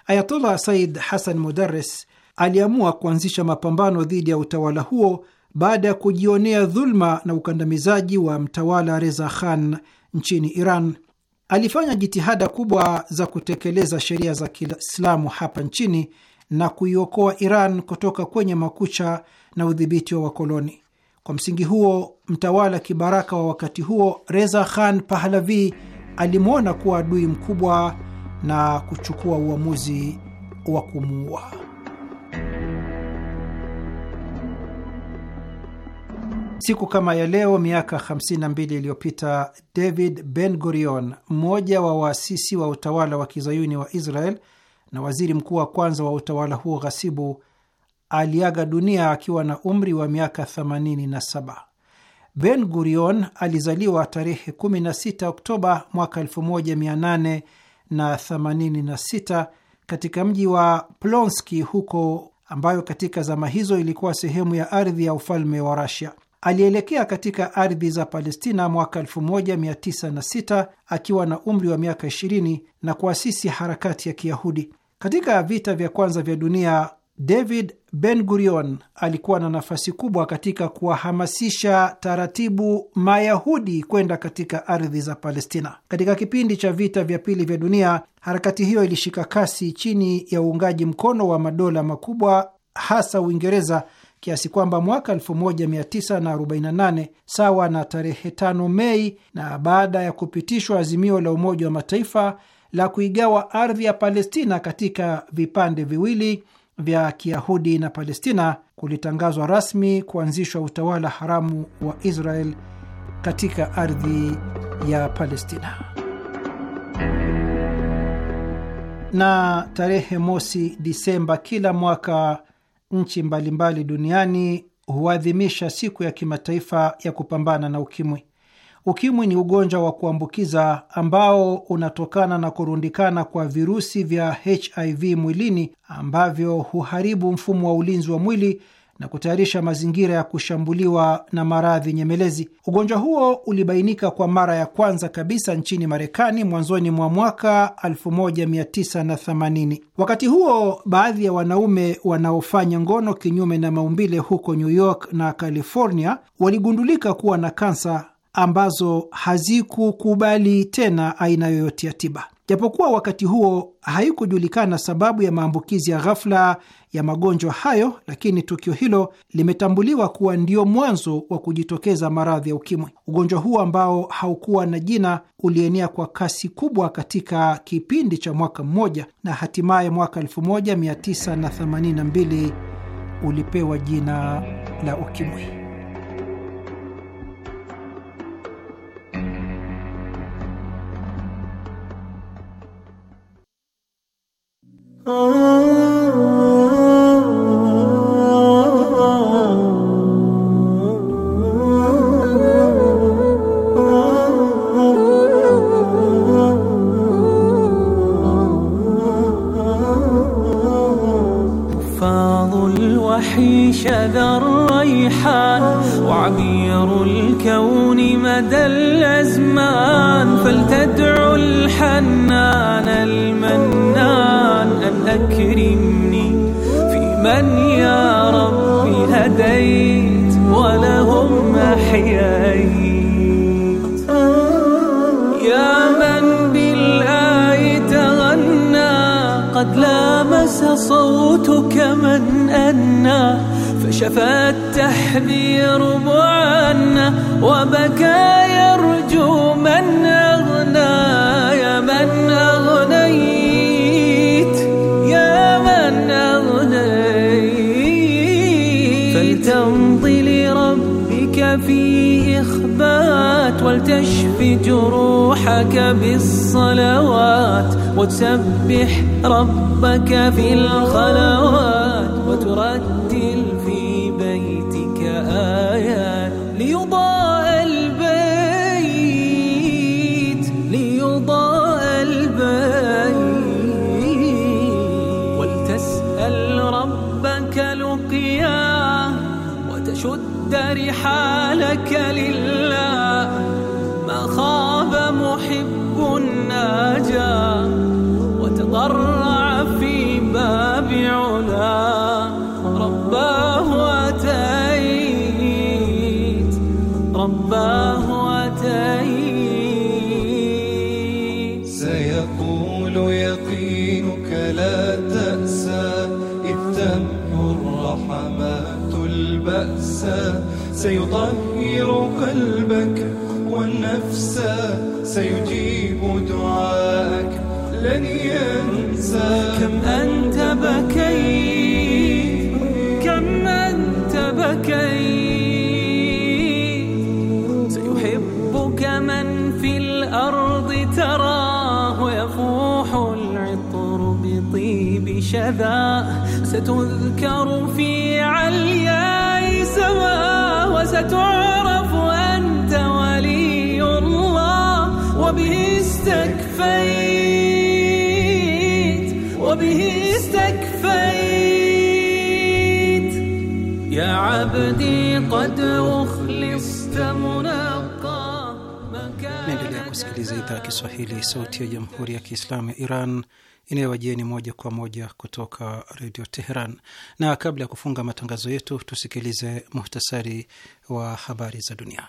Ayatollah Said Hassan Modares aliamua kuanzisha mapambano dhidi ya utawala huo baada ya kujionea dhuluma na ukandamizaji wa mtawala Reza Khan nchini Iran. Alifanya jitihada kubwa za kutekeleza sheria za Kiislamu hapa nchini na kuiokoa Iran kutoka kwenye makucha na udhibiti wa wakoloni. Kwa msingi huo, mtawala kibaraka wa wakati huo Reza Khan Pahlavi alimwona kuwa adui mkubwa na kuchukua uamuzi wa kumuua. Siku kama ya leo miaka 52 iliyopita David Ben Gurion, mmoja wa waasisi wa utawala wa kizayuni wa Israel na waziri mkuu wa kwanza wa utawala huo ghasibu, aliaga dunia akiwa na umri wa miaka 87. Ben Gurion alizaliwa tarehe 16 Oktoba mwaka 1886 katika mji wa Plonski huko ambayo katika zama hizo ilikuwa sehemu ya ardhi ya ufalme wa Rasia. Alielekea katika ardhi za Palestina mwaka 1906 akiwa na umri wa miaka 20 na kuasisi harakati ya Kiyahudi. Katika vita vya kwanza vya dunia, David Ben Gurion alikuwa na nafasi kubwa katika kuwahamasisha taratibu Mayahudi kwenda katika ardhi za Palestina. Katika kipindi cha vita vya pili vya dunia, harakati hiyo ilishika kasi chini ya uungaji mkono wa madola makubwa, hasa Uingereza kiasi kwamba mwaka 1948 sawa na tarehe 5 Mei, na baada ya kupitishwa azimio la Umoja wa Mataifa la kuigawa ardhi ya Palestina katika vipande viwili vya Kiyahudi na Palestina, kulitangazwa rasmi kuanzishwa utawala haramu wa Israel katika ardhi ya Palestina. Na tarehe mosi Disemba kila mwaka nchi mbalimbali duniani huadhimisha siku ya kimataifa ya kupambana na ukimwi. Ukimwi ni ugonjwa wa kuambukiza ambao unatokana na kurundikana kwa virusi vya HIV mwilini ambavyo huharibu mfumo wa ulinzi wa mwili na kutayarisha mazingira ya kushambuliwa na maradhi nyemelezi. Ugonjwa huo ulibainika kwa mara ya kwanza kabisa nchini Marekani mwanzoni mwa mwaka 1980. Wakati huo, baadhi ya wanaume wanaofanya ngono kinyume na maumbile huko New York na California waligundulika kuwa na kansa ambazo hazikukubali tena aina yoyote ya tiba. Japokuwa wakati huo haikujulikana sababu ya maambukizi ya ghafla ya magonjwa hayo, lakini tukio hilo limetambuliwa kuwa ndio mwanzo wa kujitokeza maradhi ya ukimwi. Ugonjwa huo ambao haukuwa na jina ulienea kwa kasi kubwa katika kipindi cha mwaka mmoja na hatimaye mwaka 1982 ulipewa jina la ukimwi. Oh. يرب عنا وبكى يرجو من أغنى يا من أغنيت يا من أغنيت فلتمضي لربك في إخبات ولتشفي جروحك بالصلوات وتسبح ربك في الخلوات وترى يقينك لا تأسى إذ تمحو الرحمات البأس سيطهر قلبك والنفس سيجيب دعاءك لن ينسى كم أنت بكيت كذا ستذكر في علياء سوا وستعرف أنت ولي الله وبه استكفيت وبه استكفيت يا عبدي قد أخذ Kiswahili, sauti ya jamhuri ya kiislamu ya Iran inayowajieni moja kwa moja kutoka redio Teheran. Na kabla ya kufunga matangazo yetu, tusikilize muhtasari wa habari za dunia.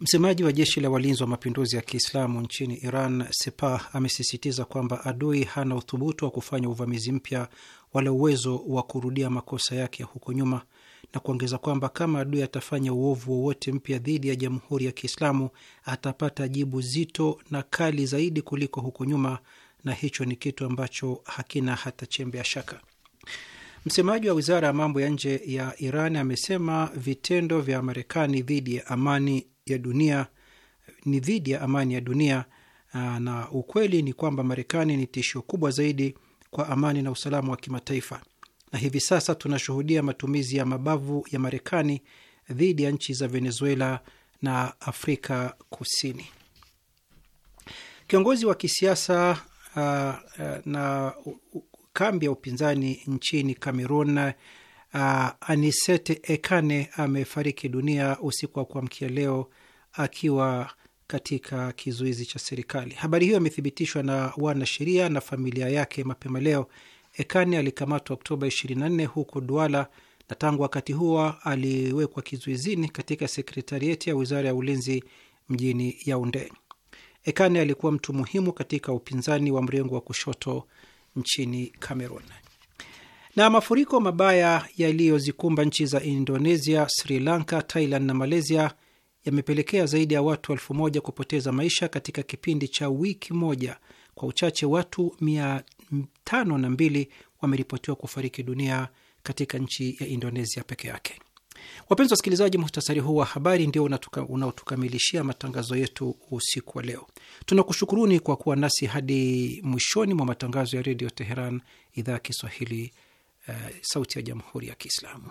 Msemaji wa jeshi la walinzi wa mapinduzi ya Kiislamu nchini Iran, Sepah, amesisitiza kwamba adui hana uthubutu wa kufanya uvamizi mpya wala uwezo wa kurudia makosa yake ya huko nyuma na kuongeza kwamba kama adui atafanya uovu wowote mpya dhidi ya Jamhuri ya Kiislamu atapata jibu zito na kali zaidi kuliko huko nyuma, na hicho ni kitu ambacho hakina hata chembe ya shaka. Msemaji wa wizara ya mambo ya nje ya Iran amesema vitendo vya Marekani dhidi ya amani ya dunia ni dhidi ya amani ya dunia, na ukweli ni kwamba Marekani ni tishio kubwa zaidi kwa amani na usalama wa kimataifa na hivi sasa tunashuhudia matumizi ya mabavu ya Marekani dhidi ya nchi za Venezuela na Afrika Kusini. Kiongozi wa kisiasa uh, uh na kambi ya upinzani nchini cameron uh, Anisete Ekane amefariki dunia usiku wa kuamkia leo akiwa katika kizuizi cha serikali. Habari hiyo imethibitishwa na wanasheria na familia yake mapema leo Ekane alikamatwa Oktoba 24 huko Duala na tangu wakati huo aliwekwa kizuizini katika sekretarieti ya wizara ya ulinzi mjini Yaunde. Ekane alikuwa mtu muhimu katika upinzani wa mrengo wa kushoto nchini Cameroon. Na mafuriko mabaya yaliyozikumba nchi za Indonesia, Sri Lanka, Thailand na Malaysia yamepelekea zaidi ya watu elfu moja kupoteza maisha katika kipindi cha wiki moja, kwa uchache watu mia tano na mbili wameripotiwa kufariki dunia katika nchi ya Indonesia peke yake. Wapenzi wasikilizaji, muhtasari huu wa habari ndio unaotukamilishia matangazo yetu usiku wa leo. Tunakushukuruni kwa kuwa nasi hadi mwishoni mwa matangazo ya Redio Teheran, idhaa ya Kiswahili, uh, sauti ya Jamhuri ya Kiislamu.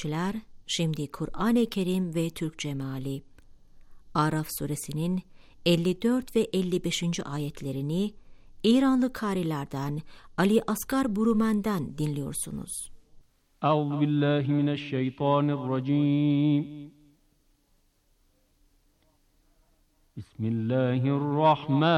Türkçüler, şimdi Kur'an-ı Kerim ve Türkçe meali. Araf suresinin 54 ve 55. ayetlerini İranlı karilerden Ali Asgar Burumen'den dinliyorsunuz. Euzu billahi mineşşeytanirracim. Bismillahirrahmanirrahim.